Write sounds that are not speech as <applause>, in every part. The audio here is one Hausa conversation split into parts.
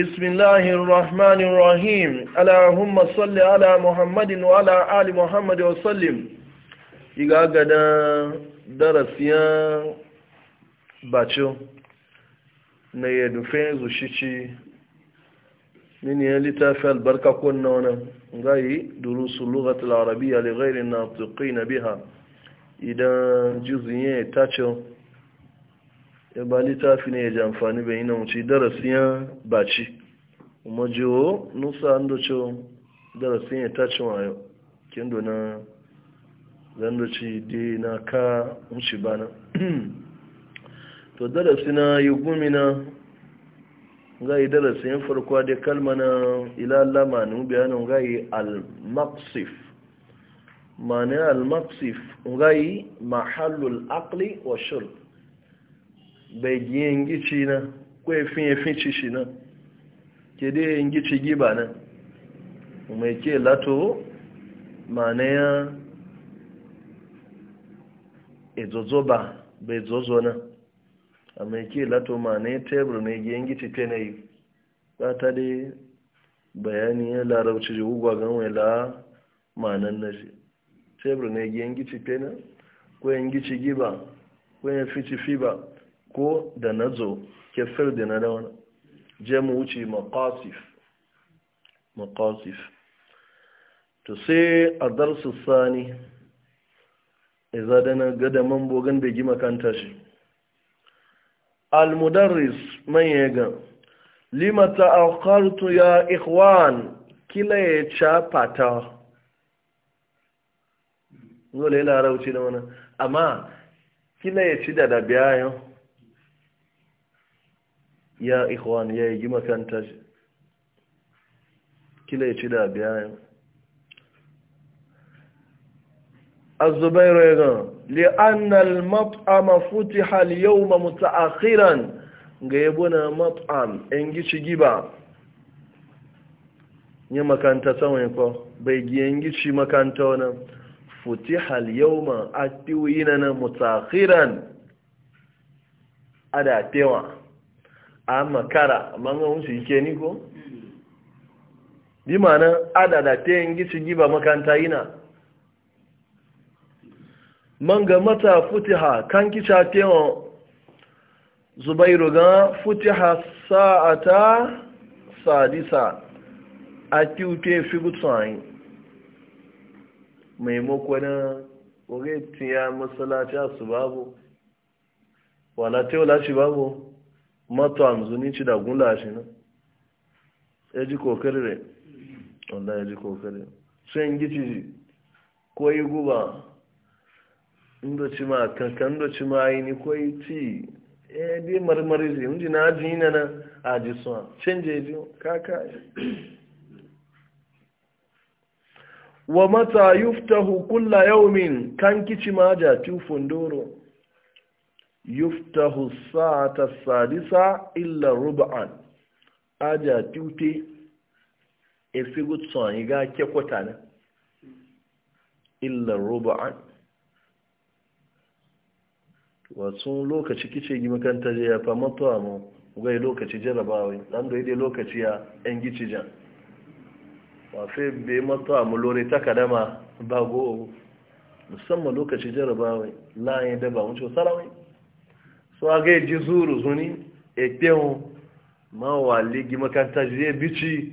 بسم الله الرحمن الرحيم اللهم صل على محمد وعلى ال محمد وسلم يغادا درسيا باتشو ني دفن زوشيشي من يلتا في البركه كنا غاي دروس اللغه العربيه لغير الناطقين بها اذا جزئيه تاتشو ya ba littafi ne ya ji amfani bai yana wuce darasiyan baci kuma jiwo nusa an doce darasiyan ya tace yau kin dona zan doce dai na ka wuce bana <clears throat> to darasi darasina yi na ga yi darasiyan farko da kalma na ilalla manu bayanin ga yi al-maqsif ma'ana al-maqsif ga yi mahallul akli wa shirk bai giyan gici na ko efin efin cishi na ke dai yin gici giba na mai ke lato ma na ya ezozo ba bai zozo na a mai ke lato ma na ya tebur na giyan gici ke na yi ba ta dai bayani ya larauci ji ugwa gan la ma nan na shi tebur na giyan gici ke na ko yin gici giba ko yin fici fiba ko da na zo ke da na dauna je mu wuce makasif to sai a darsu sani iza da na gada mambogan da gima kanta shi almudarris Limata limata ta'akhartu ya ikhwan kila ya chapata ngole larauci da wani, amma kila ya ci da da biyayen ya ikhwan ya yi makanta kila ya ci da biyan azubairu ya gan li'annal mat'ama futiha al-yawma muta'akhiran ga yabuna mat'am en gici giba ya makanta sanwayin ko bai giyan gici makanta wani futiha al-yawma a tiwo yi na mutakhiran a da tewa a makara amma ga ike ni ko bi ma'ana adada ta yin gici giba makanta yana man ga mata futiha kan kica tewa zubairu ga futiha sa'ata sadisa a kiwute fi gutsuwayi maimakon ogetin ya matsalaci su babu wala tewa lashi babu mato amzuni ci da gula shi na ya ji kokari re wanda ya ji kokari sun gici ko yi guba ndo ci ma kankan ndo ci ma yi ni ko yi ya yi bi marmari zai inji na ji yi na a ji suwa canje ji kaka wa mata yuftahu kulla yawmin kan kici ma ja doro yuftahu sa'ata sadisa illa ruba'an, aja tute efigu tsan ga kekwata ne illa ruba'an. wasu lokaci kice gi makanta je ya fa matuwa mu gai lokaci jarabawai dan da yake lokaci ya yan gici jan wa fe be matuwa mu lore takadama ba go musamman lokaci jarabawai la yin da ba mu ce sarawai so a ga ji zuru zuni ekpewu ma wa ligi makanta je bici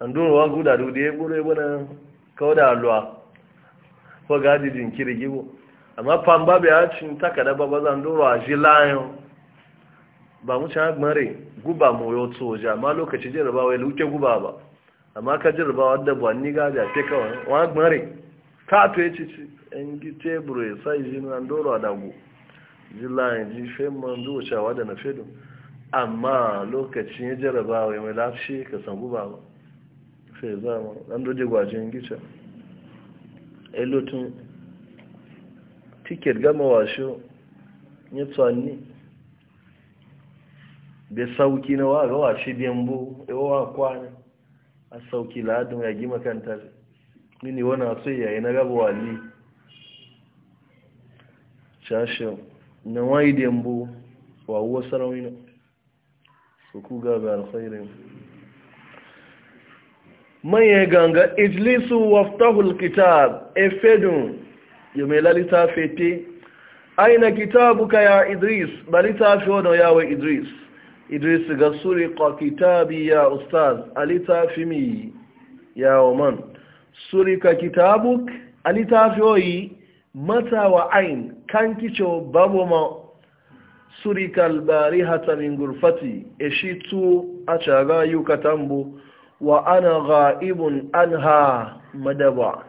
an dole wa guda na ya gure da kauda a ko ga di nkiri kirigi bo amma pamba be a cin takada baba zan dole a ji layo ba mu cha mare guba mu yo soja ma lokaci jirba wai luke guba ba amma ka jirba wadda ba ni ga e e da te kawai wa mare ka to yace en gi tebure sai jin an dole a jillayen ji femman zuwacewa da na fedu amma lokacin ya jarabawa ya mai lafi ka sambu ba ba sai zama ɗan doje gwajin gica elotun tiket gama washe ya tsanni da sauki na wa ga washe biyan bu wa kwana a sauki ladin ya gima kanta mini wani so yayi na gaba wali shashin na wai dembo wa uwa sarauni su ku alkhairin manye ganga ijlisu waftahu alkitab efedun yumelali litafi ti aina kitabuka ya idris balitafi ono yawe idris idris gasuri suriqa kitabi ya ustaz alitafi mi ya oman suri ka kitabuk alitafi oyi mata wa ain kan kicho babu ma surikal hata min gurfati a caga achaga yukatambu wa ana an ha madaba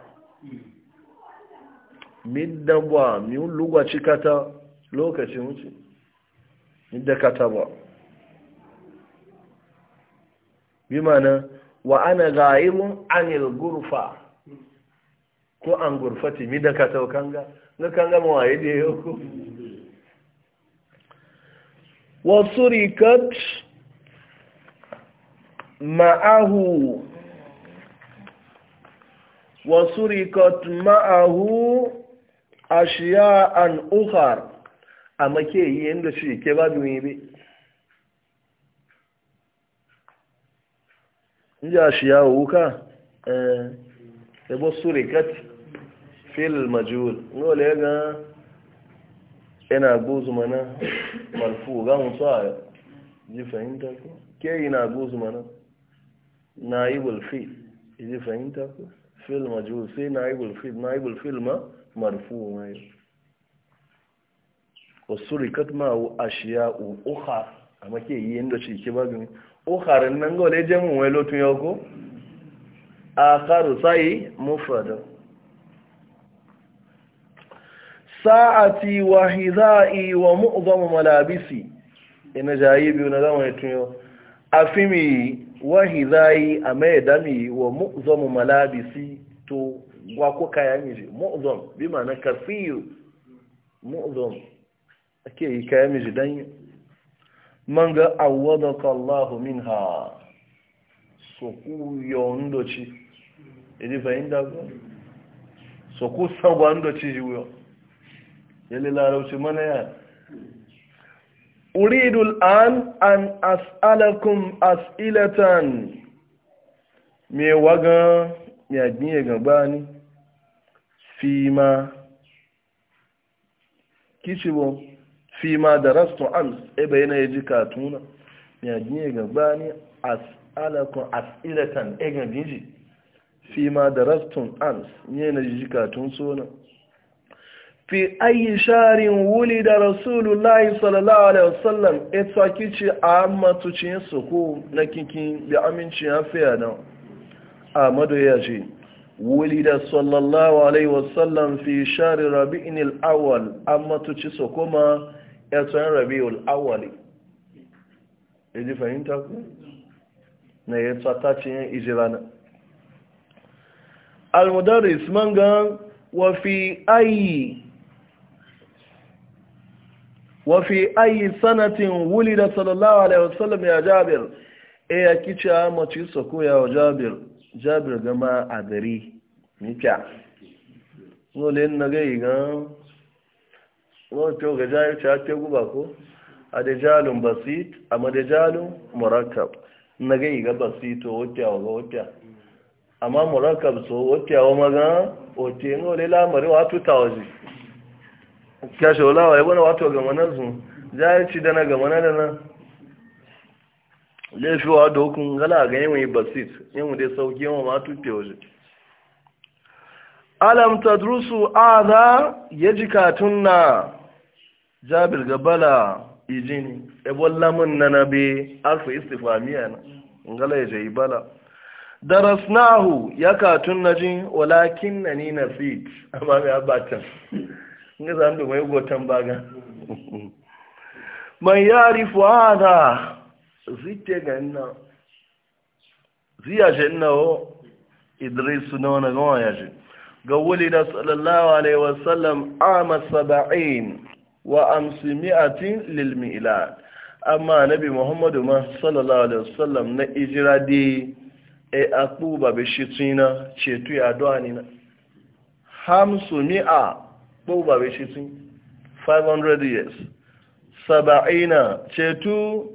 middabwa min lugwa cikata lokacin wuce kata ba bi ma'ana wa ana ghaibun anil gurfa ko an gurfati mi da ka kanga na kanga ma waye da yau ko wasu rikat ma'ahu wasu rikat ma'ahu ashiya an uhar a make yi yadda shi ke ba duni be inda ashiya wuka eh, ebo surikati fil majul ngole ga ina guzu mana marfu ga mun tsaya ji fahimta ko ke ina guzu mana naibul fil ji fahimta ko fil majul sai naibul fi naibul fil ma marfu mai wasurikat ma ashiya ukha amma ke yi inda shi ke bagin ukharin nan gole jamu wai lotun yau ko akharu sai mufrad sa'ati wa hidha'i wa mu'dhamu malabisi ina jayi biyu na zama yato afimi wa hidha'i amaydami wa mu'dhamu malabisi to wa ko kaya miji mu'dham bi ma'ana kaseer mu'dham ake yi kaya miji dan manga awwadaka Allahu minha so ku yondochi idi fahimta ko so ku ndochi jiwo yalli larauci mana ya uridul an an as'alakum as'ilatan me waga ya gbiye gaba ni fima kishibo fima da rastu ams ebe yana ya ji katuna ya gbiye gaba ni as'alakum as'ilatan egan biji fima da rastun ams yana ji katun sonan fi ayi sharin wuli da rasulullahi sallallahu alaihi wasallam ita kici a matucin suku na kinkin aminci ya fiya nan amadu ya ce wuli da sallallahu alaihi wasallam fi shari rabi'in al'awal a matuci su kuma eto yin awali ya ji fahimta ku na ya tsata cin ijirana al-mudaris man gan wa fi ayi wafi ayi sanatin wuli da sallallahu alaihi wasallam ya jabir e ya kici a mace sako ya jabir jabir gama a gari nika nole na gai gan wato ga jayar ta ake guba ko a da jalun basit a ma da jalun murakab na gai ga basito wakiyawa ga wakiya amma murakab so wakiyawa maga ote nole lamarin wato tawazi kyashe wulawa ya bane wato ga za a ci dana ga mana na laifiwa da hukun gala ga yin yi basit yin da sauki yawan matu ke waje alam tadrusu aza ya ji katun na jabir gabala ijini ebon lamun na na nabe alfa istifamiya na gala ya jayi bala darasnahu ya katun na jin walakin na ni na fit <laughs> amma ya batan. nga zambe mai gotan baga <laughs> man yarifu hada zite ganna ziya janna o idris na wani gawa ya ji ga wuli da sallallahu alaihi wasallam ama saba'in wa amsi mi'atin lil milad amma nabi muhammadu ma sallallahu alaihi wasallam na ijira di e akpu ba be shitina cetu ya doani na hamsu mi'a ko ba bai shi tun 500 years saba'ina ceto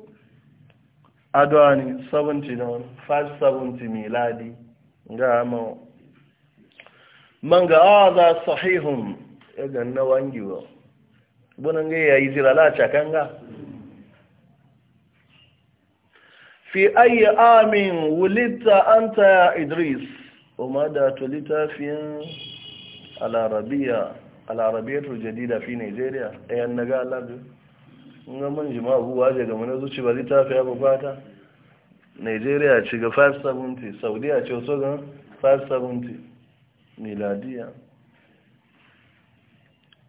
adwani 70 na wani 570 miladi ga ama man ga aza sahihun ya ganna wangiwa bunan ga yayi zira la cakanga fi ayi amin wulita anta ya idris umada tulita fiye alarabiya al'arabiyatul jadida fi nigeria ɗayan eh, na ga alabi nga man jima abubuwa je ga mana zuci ba zai tafi ba bukata nigeria ci ga 570 saudiya ci wasu ga 570 miladiya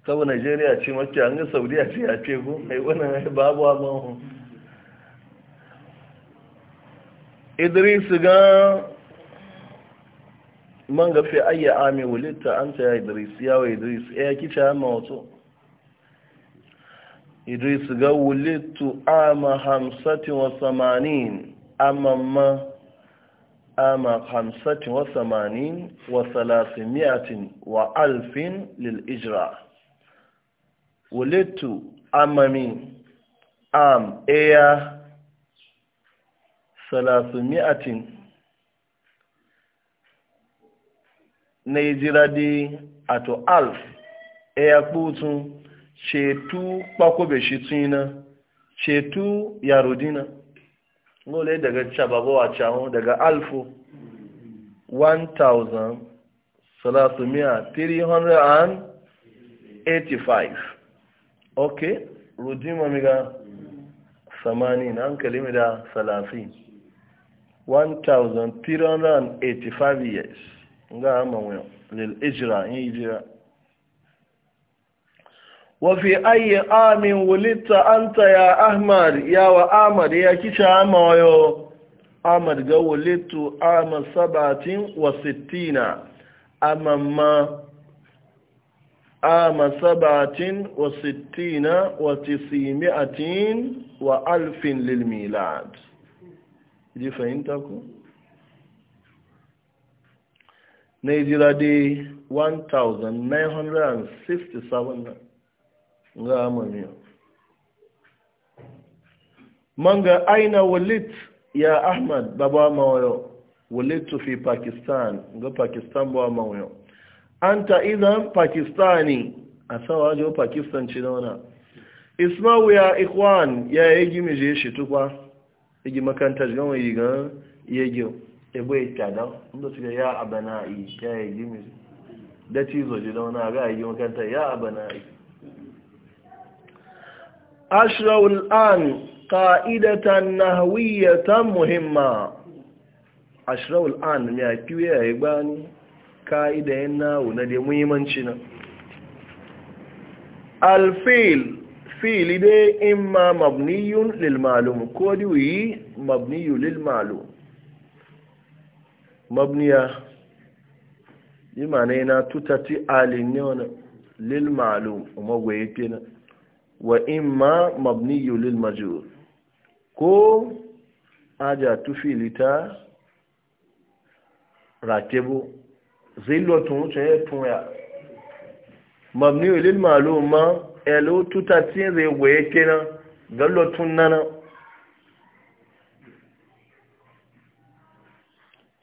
kawai nigeria ci mace an ga saudiya ci ya ce mai wani wannan babu abin idris ga man gafe ayya ame wulita an ta ya idris wa idris eh, ya kica ma wato idris ga wulitu ama hamsatin wa samanin amma ma ama hamsatin wa samanin wa salasimiyatin wa alfin lil ijra wulitu mi am eya salasimiyatin na hijira di ato alf ya kputun cetu kwakobe shi tuna cetu yarudina ngole daga cababo a cahun daga alfu eighty-five. ok rudima miga samanin hankali mi da salafi 1,385 years ga amanwa lil ijira in ijira wafi ayi amin wulita anta ya ahmad ya wa ahmad ya kisha amawayo ahmad ga wulitu ama sabatin wa sittina amamma ama sabatin wa sittina wa tisimi'atin wa alfin lil milad ji fahimta ku na ejira 1967 ga amamiya manga aina walit ya ahmad babu mawayo walit fi pakistan ga pakistan ba mawayo anta idan pakistani a sawa jo pakistan ci dauna ismawu ya ikwan ya yi gimi je shi tukwa yi makanta jigan wa yi gan yi ebe ikyadan inda suka ya abana'i ya yi gimi da cizo ji da wani aga a yi makanta ya abana'i ashrawul an ka'idatan nahawiyatan muhimma ashrawul an ya fiye ya yi gbani ka'idayen nahu na da muhimmanci na alfil fili dai imma mabniyun lil malum ko diwi mabniyun lil malum mabniya bi na, yana tutati alin ne wani lil ma'alum magwaye kenan wa imma mabniyu lil majur ko aja tufili ta rakebu zillo tun wuce ya tunya mabniyu lil ma'alum ma elo tutati zai gwaye kenan gallo tun nana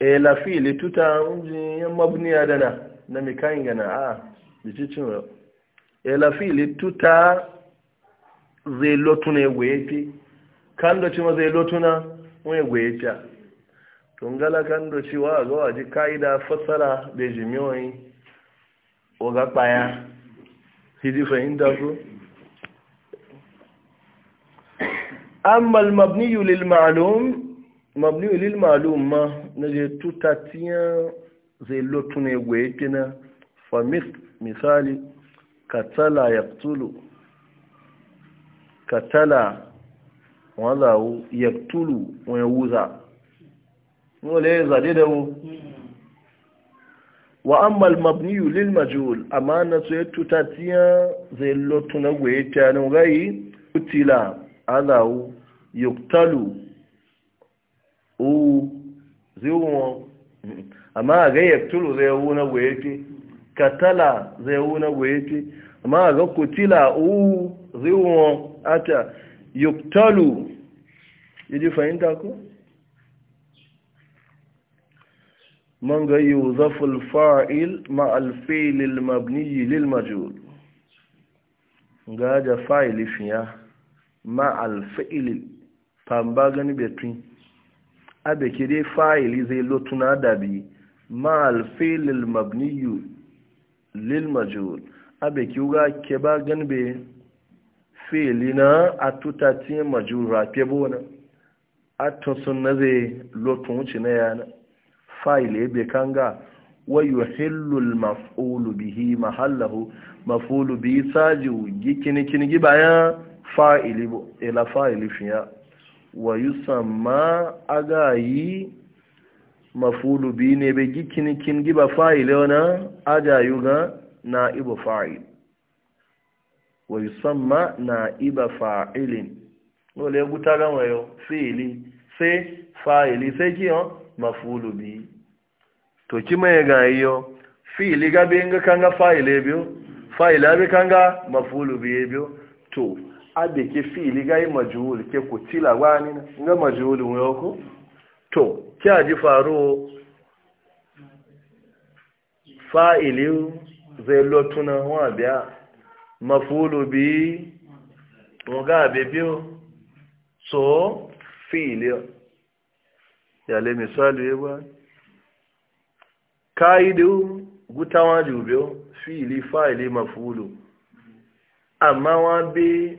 e la fili tuta unji mabni adana na mikan gana a bicicin e la fili tuta zai lotuna ya e egwefi kando ci ma zai lotuna e wani egwefi tungala kando ci wa a ga waji kaida fassara da jimiyoyi oga kpaya hiji fahimta ku amma al-mabniyu lil ma'lum mabniyu ma'alum ma'lum ma na je tuta tiya zai lotu ne gwaye kina famis misali katala ya tulu katala wanda ya tulu wani wuza wale zade da mu wa ammal mabniyu lil majhul amana su ya tuta tiya zai lotu na gwaye kina gai utila alahu yuktalu u ziwo amma ga yaktulu zai wuna gwaye katala zai wuna gwaye amma ga kutila u ziwo ata yuktalu yaji fahimta ko man ga yuzafu alfa'il ma alfil almabni lil majhul ga ja fa'il fiya ma alfil pambaga ni between abe ke dai fa'ili zai lotuna dabi ma alfilil mabniyu lil abe ki uga ke ba ganbe fili na atuta ti majul rafe bona atun sun na zai lotun wuce na yana fa'ili ebe kanga wa yuhillu al maf'ulu bihi mahallahu maf'ulu bihi sajiu gikini kini gibaya fa'ili bo ila fa'ili fiya wa yusamma aga yi mafulu bi ne be gikini kin giba fa'ile ona aga yuga na ibu fa'il wa yusamma na iba fa'ilin wale guta gan wayo fi'ili se fa'ili sai kiyo mafulu bi to kima ya ga yo fi'ili ga be nga kanga fa'ile biyo fa'ila be kanga mafulu bi biyo to abe ke fili gai majhul ke kutila wani nga nwere mwoko to kya ji faro fa'ili zai lotuna wa biya mafulu bi nga be biyo so fili ya le misali yewa kaidu gutawa jubyo fili fa'ili mafulu amma wa bi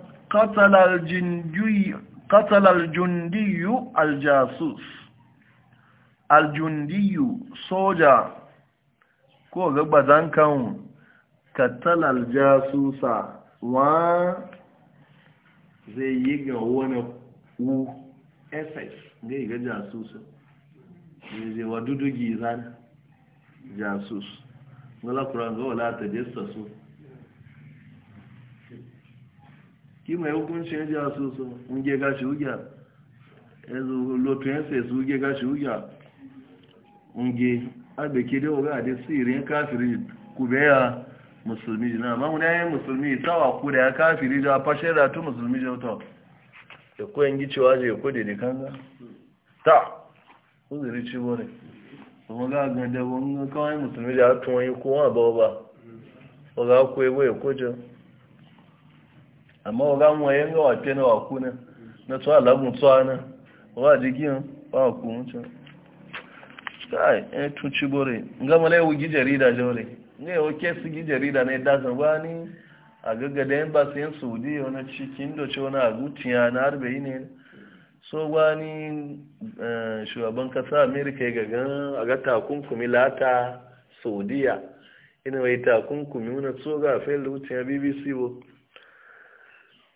katalar jundiyu aljasus aljundiyu soja ko gaba zankan katalar jasusa wa zai yi ga wani u ss zai ga jasusa zai wa dudugi zan jasus wala kuran ga wala ta jesta su ki mai hukuncin ya so asụsụ mun ge gashi ugiya yanzu lotun yansa su ge gashi ugiya mun ge ya da na ma ndị yayin musulmi tawa ku ya kafiri da fashe da tu musulmi da to da ko cewa taa ko da ne kanza ta uzuri ci ga ga ba amma wa gamu yayin ga wafe na waku ne na tsawa labun tsawa na wa jikin ba waku mutu kai eh tuci bore nga mala yau gi jarida jore ne yau ke su gi jarida ne da san bani a gaggada yan ba sayan saudi wani ce wani na ne so shugaban kasa amerika ya gagan a ga takunkumi da wuce ya bbc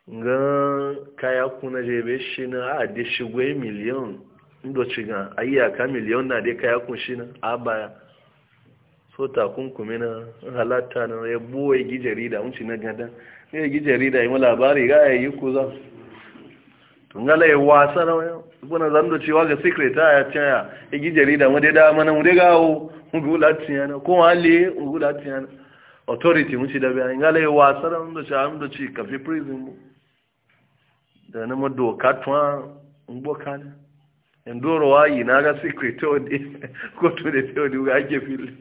ga kaya kuna jebe shi na a de shigwe miliyon ndo cigan a iyaka miliyon na de kaya kun shi na a baya so takunkumi na halatta na ya buwa gi jarida wunci na gada ya gi jarida yi labari ga ya yi kuza tungala ya wasa na wani buna zando cewa ga sekreta ya caya ya gi jarida mu dai da mana mu dai gawo mu bi wulatin na ko hali mu wulatin authority mu ci da bayan ngala ya wasa na wani ci a mu ci kafi prison mu da na madoka tuwa mboka indoro wayi na ga ode <laughs> ko to da te ode ga ke fil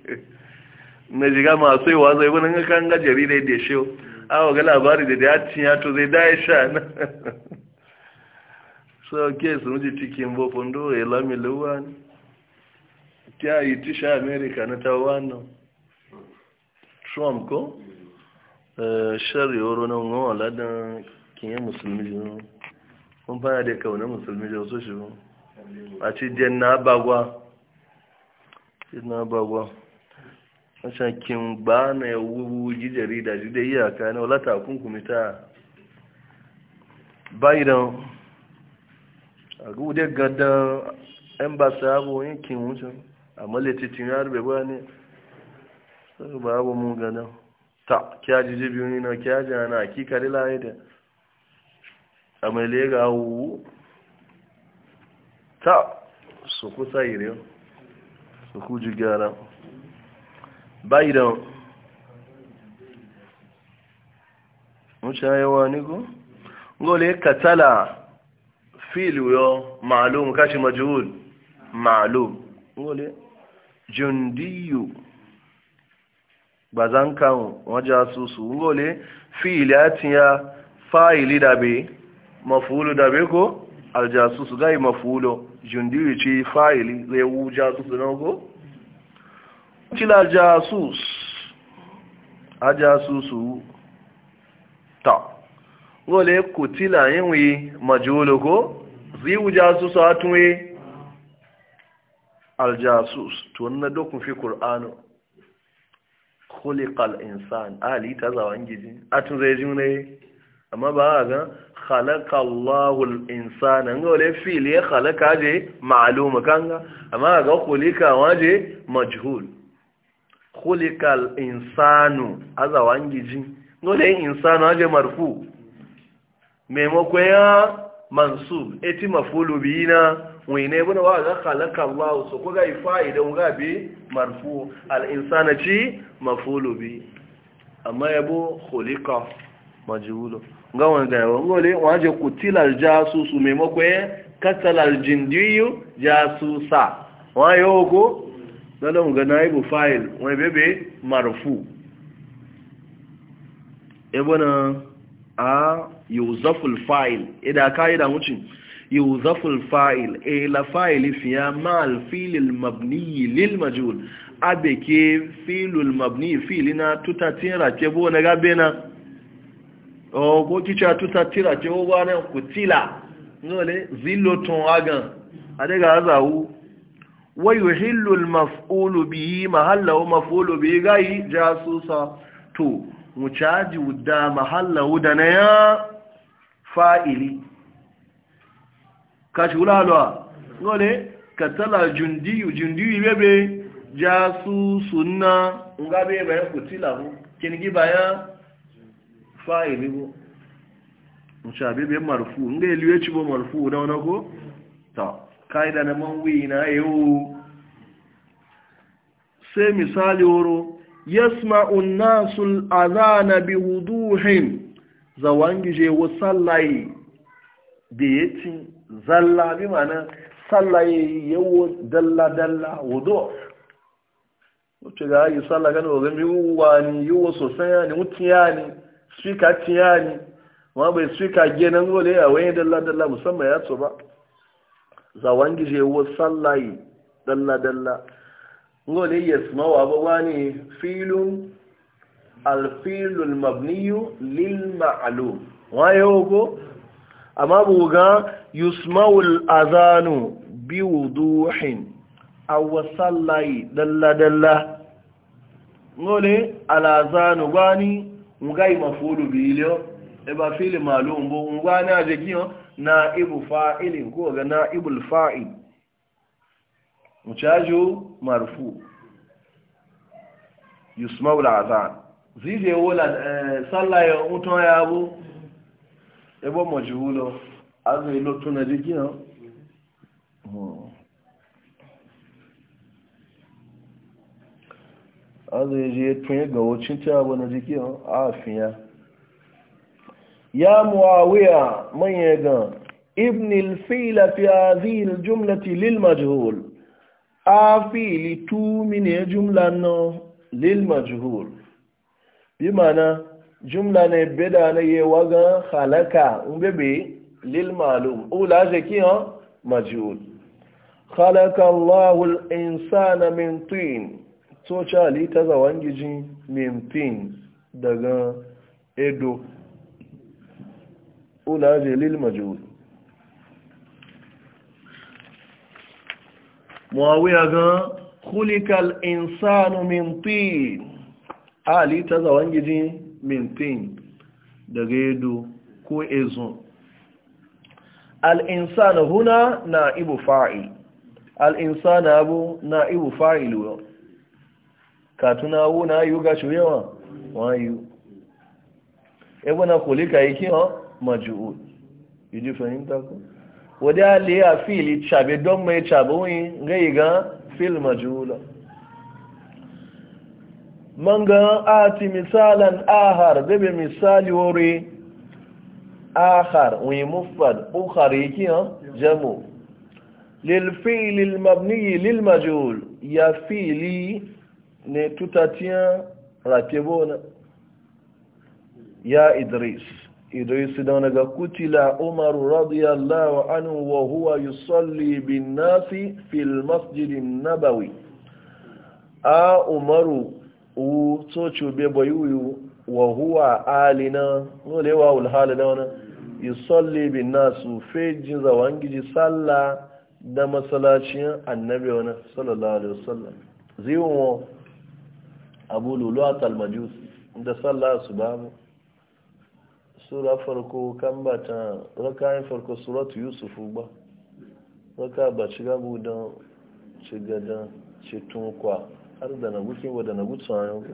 na jiga ma sai wa zai kan ga da shew awa ga labari da ya to zai sha na <laughs> so ke su cikin e luwan yi tisha america na trump ko eh na musulmi sun baya da kaunar musulmi da wasu shi a ci na bagwa na bagwa wancan kin ba na ya wuji jarida ji iyaka na wala takunkumi ta bayi a gude gadon yan ba su abu yin kin wucin a maletitin ya rube ba ne su ba abu mun ta kya na kya jana a amele ga wu ta su kusa ire su kuji gara bai da wuce yawa ni ko gole katala filu yo ma'lum kashi majhul ma'lum gole jundiyu bazankan wajasu su gole fil ya tiya fa'ili da be mafulu da be ko aljasusu gai mafulo jundiyu ci fa'ili zai wu jasusu na ko cila jasus a jasusu ta wale kutila yinwi majolo ko Zai ziwu jasusu a tunwe aljasus to na dokun fi ƙur'anu khuliqal insan ali ta zawan gidi a tun zai ji ne amma ba a ga khalaqa Allahul insana ga wale fil ya khalaqa je ma'lum kanga amma ga khulika waje majhul khuliqal insanu aza wangiji ngole insanu waje marfu memako ya mansub eti mafulu bina wene buna wa ga khalaqa Allah so ko ga ifa'ida ga bi marfu al insana ci mafulu bi amma yabo khuliqa majhulu gawan gaiwa ngole waje kutilar jasusu maimako ya katalar jindiyu jasusa wayo ko dalon ga naibu fa'il wani bebe marfu ebona a yuzaful fa'il ida kaida mucin yuzaful fa'il e la fa'ili fiya ma'al filil mabni lil majul abeke filul mabni filina tutatin rake bo na gabe na ko oh, kicha tuta tira ce ko ba nan ku tila ngole zillo ton agan adega azawu wa yuhillu al-maf'ulu bihi mahallahu maf'ulu bihi gai jasusa to mucaji da mahallahu da na ya fa'ili kashi wulalwa ngole katala jundiyu jundiyu bebe jasusunna ngabe bayan kutila kinigi bayan fa'ili bu mushabi bin marfu inda ya liwe ci bo marfu na wani ko ta kaida na manwi na yau sai misali wuro yasma'un nasul azana bi wuduhin zawangije wa sallaye da ya ci zalla bi mana sallaye yawo dalla-dalla wudu wacce ga yi sallaka ne wa gami yiwuwa ne yiwuwa sosai ne mutiya ne suka ciya ne ma bai suka genan gole a wani dalla-dalla musamman ya tso ba zawon gije wo sallayi dalla-dalla gole ya suma wa ba wani filin alfilul mabniyu lil ma'alum waye ko amma buga yusmawul azanu bi wuduhin aw sallayi dalla-dalla gole alazanu gwani ngai mafulu bilio eba fili maalum bo ngwani aje kiyo na ibu fa'ili ko ga na ibul fa'il mchaju marufu yusma'u al'adhan azan wala eh, e, salla ya uto ya abu ebo majhulo azu ilo tuna dikiyo an zai je tun ga wacin ta abu na jiki a fiya ya muawiya manya gan ibn al-fila fi hadhihi al-jumlati lil majhul a fili tu min jumla no lil majhul bi mana jumla ne beda na ye waga halaka umbebe lil malum ula jaki ha majhul خلق الله الإنسان من طين sociali ta zawon gijin memphis daga edo ulaje lil majul muawiya ga kulikal insanu memphis ali ta zawon gijin memphis daga edo ko ezon Al'insan huna na ibu fa'il Al'insan abu na ibu fa'il yau katuna wo na ayu ga shuye wa wa ayu ebe na kulika yake ha majuu yiji fahimta ko wadda ali a fili chabe don mai chabe wuyin ga yi ga fil majula man ga ati misalan ahar bebe misali wuri ahar wuyin mufad ukhar yake ha jamu lil fi'li al mabni lil majul ya fili ne tutatiyan rafebo na ya idris idris da wani ga kutila umaru radiyallahu anhu wa huwa yusalli bin nasi fil masjidin nabawi a umaru u tsoci bebo yiwu wa huwa alina nolewa ulhali da wani yusalli bin nasu fejin zawangiji sallah da masalacin annabi wani sallallahu alaihi wasallam ziwon abu luluwa talmajus da sallah su ba mu sura farko kan ba ta yin farko suratu yusufu ba raka ba shiga budan shiga don cetun kwa har da na guke wa da na gutsu a yau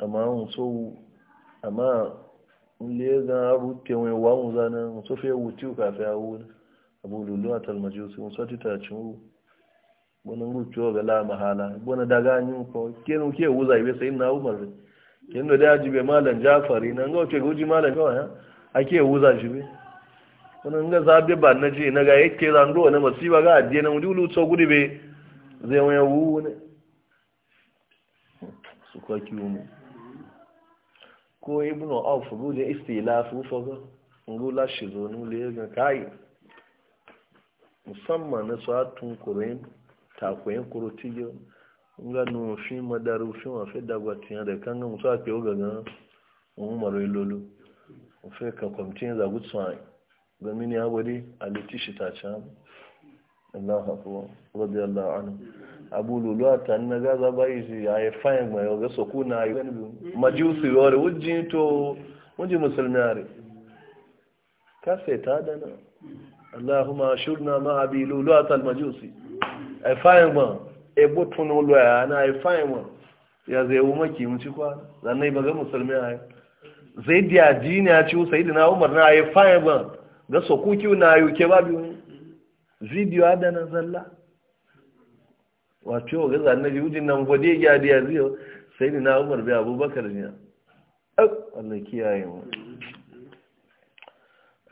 amma hun so amma le ga rute wani wa mu zana mutu wu wuti kafin a wu abu luluwa talmajus mutu ta cin wuri wani rucewa ga la mahala wani daga anyi ko kenu ke wuza ibe sai na umar kenu da yaji be malam jafari na ga wace goji malam kawai ha ke wuza shi be wani ga zaɓe ba na je na ga yake zando wani masiba ga adiye na wudi ulu tso gudu be zai wani ne su kwa kiwo mu ko auf istilafu ngula nule ga kai musamman na su takwayen kuruti yo ganu nu fi madaru fi wọn fẹ dagba tiyan da kan musu so ake oga gan ohun maro ilolu o fi ka kwamitin zagu tsan gami ni a aliti shi ta can allah hakuwa radi allah anu abu lulu ata na gaza bayi si a yi fayin gba yau soku na yi majusi yore wujin to wujin musulmi are ka sai ta dana allahumma shurna ma abi lulu majusi. almajusi aifayin ba ebo tunan loya na aifayin ba ya zai wu maki mu ci kwa zanai ba ga musulmi a zai diya jini a ci sai da na umar na aifayin ba ga sokuki na yuke ba biyu video na zalla wato ga zanai yujin nan gode ya diya ziyo sai da na umar bai abubakar ne oh, a wannan kiyaye mu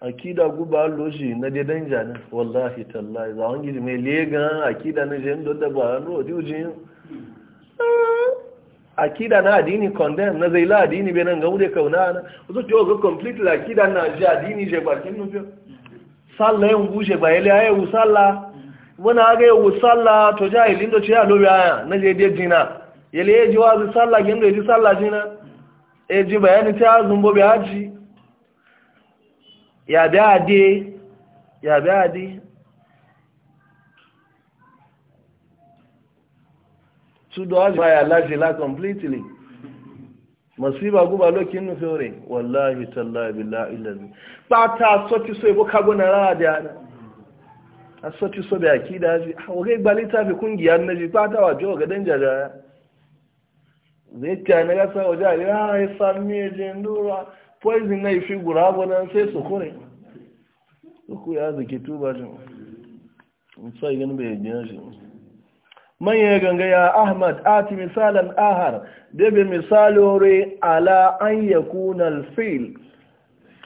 akida guba loji na de danja na wallahi tallahi za wangi me lega akida na je ndo da ba di uji ah, akida na adini condemn na zaila adini be nan ga ude kauna na uzo ti ozo complete la akida na je adini je ba kinu jo sala en guje ba ele aye u sala wana age u sala to ja ilindo che ya lobi aya na je de jina yele je wazi sala gendo je sala jina e ji bayani ta azumbo be haji ya bi ade ya bi ade two ya by la completely masiba guba lokin nufe ore wallahi tallahi billahi ba ta soti so ibo kago na di yana a soti so da a ji oge ta fi kungiya ji pata wa jo ga jajara zai zai ta na gasa waje a ah, ya sami je ndura poison na ifi gura na sai su kure uku ya zaki tuba jin sai gani bai gina shi manya ganga ya ahmad ati misalan ahar dabe misalori ala an ya kuna alfil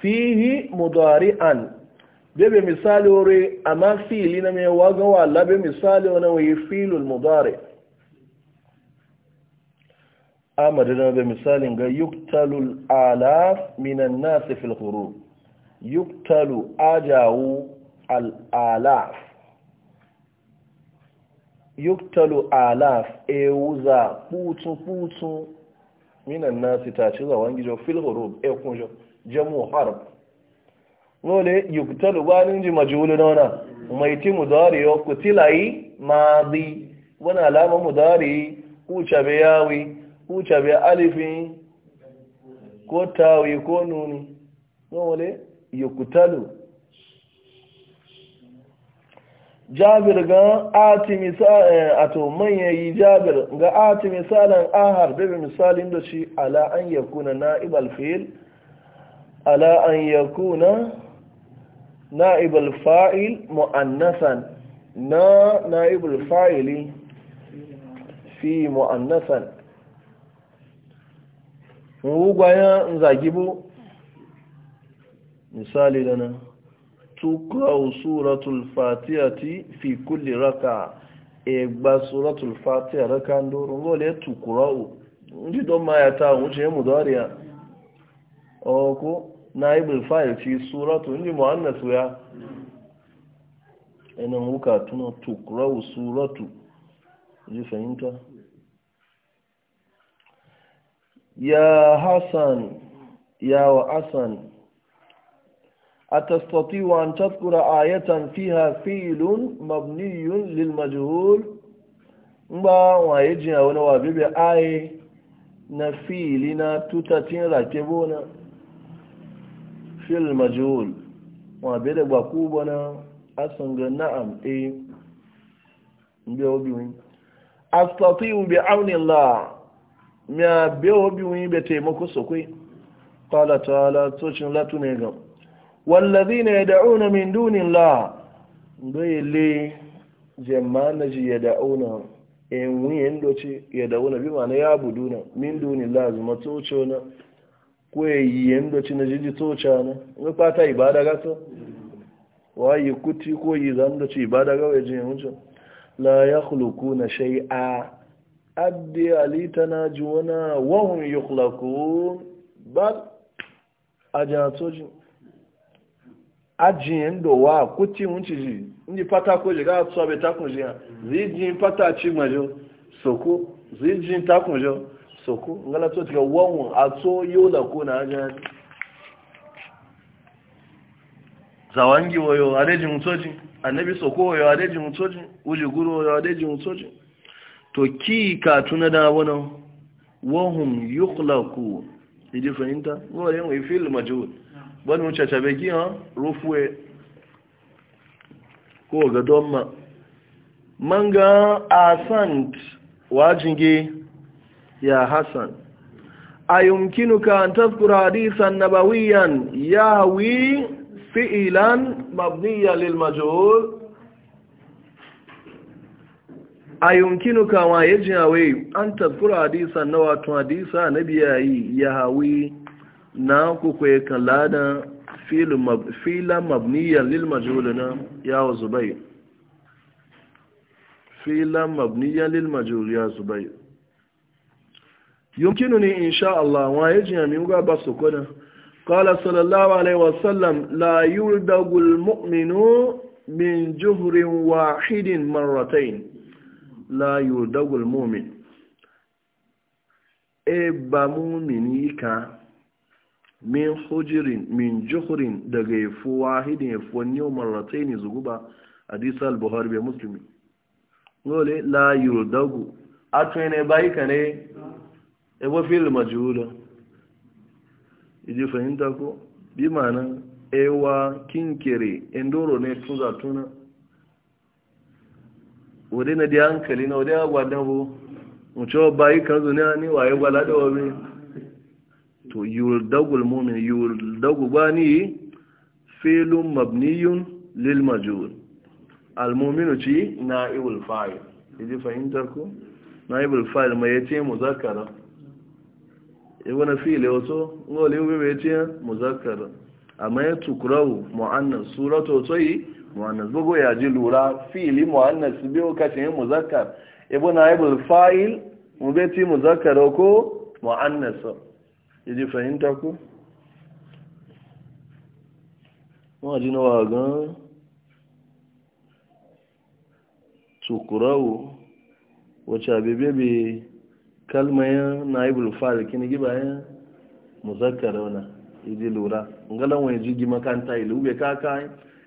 fihi mudari mudari'an dabe misalore ama fili na mai wagawa labe misali wani wai filul mudari' amadu na bai misalin ga yuktalul alaf minan nasi fil hurub yuktalu ajawu al'alaf yuktalu alaf e wuza putu-putu minan nasi ta ci zawon gijo fil hurub e kunjo jamu harb lole yuktalu gwanin ji majulu nona mai ti mudari yau kutilayi mazi wani alamun mudari kuce bayawi kucha bi alifin ko tawi ko nuni wale kutalu. jabir ga ati a eh, to manya yi jabir ga ati misalan ahar bebe misalin da shi ala an yakuna na'ib fil ala an yakuna na'ib fa’il mu'annasan na na'ib fa’ili fi mu'annasan ngugwaya nzagibu misali dana tukra'u suratul fatihati fi kulli raka egba suratul fatiha raka ndoro ngole tukra'u ndi ma ya ta wuce mu dariya oko naibul fa'il fi suratu ndi muannas ya enan wuka tuna tukra'u suratu ji fahimta ya hasan yawa asan a tostotii waan toskura a ya tamfihaa fiilun maɓniriun lil majihuul mbaa waan ya ji awuna waa bi ayi na fili na tuuta rakebona raake boona fil majihuul waa eh. bi da gbakwuba naa asanga na am ɛ ndị o bi m astọtị miya bewa biyun bai taimako su kwai ƙala ta'ala tocin latu ne ga wallazi ne da'una min dunin la bai le jemana ji ya da'una in e wuyen doce ya da'una bi mana ya budu na min dunin la zuma toco na ko ya yi yen na jiji toca na ga fata ibada gasa wa yi kuti ko yi zan doce ibada ga wajen yawancin la ya huluku shai'a adde alitana juwana wahum yukhlakun bal ajantoji ajiyen do wa kuti munci ji ndi pata ko je ga so be takun je zijin pata ci majo soko zijin takun jo soko ngala to tiga wahum ato yola ko na ajan zawangi woyo adejin mutoji anabi soko woyo adejin mutoji ujuguru woyo adejin mutoji to ki ka tuna da wani wahum yukhlaku idi fahimta wani yawon ifil majul wani wuce tabe ki ha rufuwe ko ga donma manga asant wajinge ya hasan ayumkinuka an tazkura hadisan nabawiyan yahwi fi'lan mabniyan lil majhul a yunkinu kama ya jinawe an tafura hadisa na wato hadisa na biyayi ya hawi na kukwe kan ladan filan mabniyan lil na yawo zubai filan mabniyan lil ya zubai yunkinu ne insha Allah wa ya hami ga ba su kuna kala sallallahu alaihi wasallam la لا يلدغ المؤمن من جهر واحد la yurdagul mumin e ba mumini ka min hujirin min juhurin daga yafu wahidin yafu yau marratai ne zuguba hadisa al-buhari bai musulmi dole la yurdagu a tuwene bai ka ne ebo fil majhula iji fahimta ko bi ma ma'ana ewa kinkere endoro ne tun zatuna wuri na da hankali na wuri ya gwada bu mucewa bayi kan zuniya ni waye gwala da wabe to yuldagul mumin yuldagu bani filun mabniyun lil majul almuminu ci na'ibul fa'il idi fahimtar ku na'ibul fa'il mai yace muzakkara ibn fi'il wato ngole ube yace muzakkara amma ya tukrawu muannas suratu tayi muannas bugo ya ji lura fili muannas biyo kashin muzakkar ibn aibul fa'il mu beti muzakkar ko muannas yaji fahimta ji ga tukurau wacce abebe fa'il kini muzakkar yaji lura ngalan wani ji makanta ilu be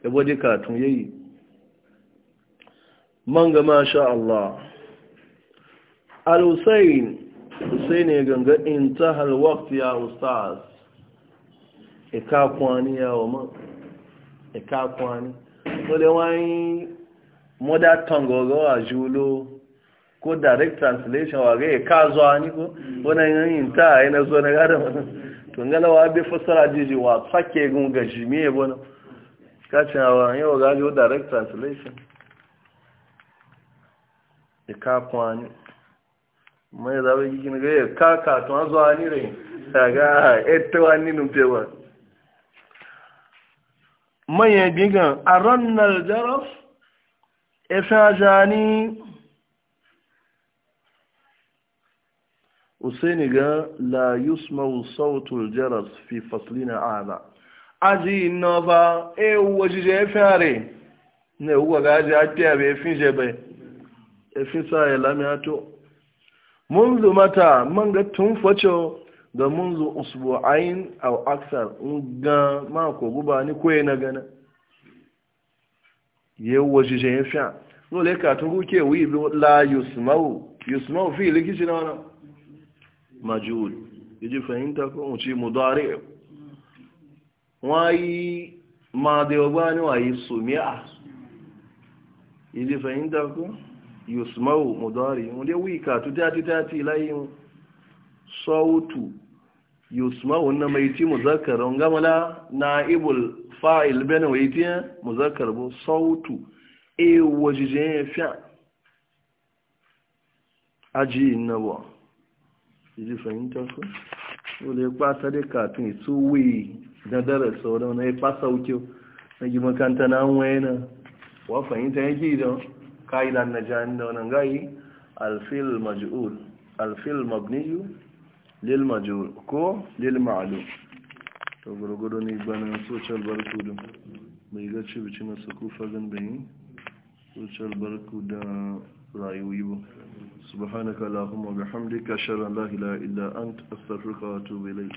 ya gwade katun ya manga man sha Allah al-hussein hussein ya ganga in ta waqt ya ustaz ika e kwani ya wama ika e kwani wale wani mother tongue ogo a julo ko direct translation wa ga e ka zuwa ni ko wannan yin ta yana zo na gada to wa bai fasara jiji wa sake gun ga jimiye bono kacin awa yau gajo direct translation ya kakwa ne mai zaɓe gikin gaya Ka to an zuwa ni rai daga etewa ni numfewa manyan gigan a ranar jaraf ni. usaini ga la yusma sautul jaraf fi faslina ala aji nọba ewu ojiji efegharị na ewuwa ga aji apịa bụ efi jebe efi sa ya lamiato munzu mata man ga tun facho ga munzu usbu'ain aw aksar ga mako guba ni koyi na gana yewu ojiji efi lole ka tun kuke wi la yusmau yusmau fi likici na wana majul yaji fahimta ko mu ci mudari'u wayi ma da yaba ne wayi sumi'a ili fahimta ku yusmau mudari wanda wika tutati tati layin sautu yusmau na mai ti muzakkar ngamala naibul fa'il bane wayi ti muzakkar bu sautu e wajije fi'a aji nawa ili da dara sauran na ya fasa wuke na gi makanta na waye na wa fahimta yake idan ka'idan na jani da wani gayi alfil maj'ul alfil magniyu lil maj'ul ko lil ma'lum to gurgudu ne bana social barkudu mai ga bici na kufa fagen bayi social da rayuwi ba subhanaka allahumma bihamdika ashhadu an la ila an anta astaghfiruka wa atubu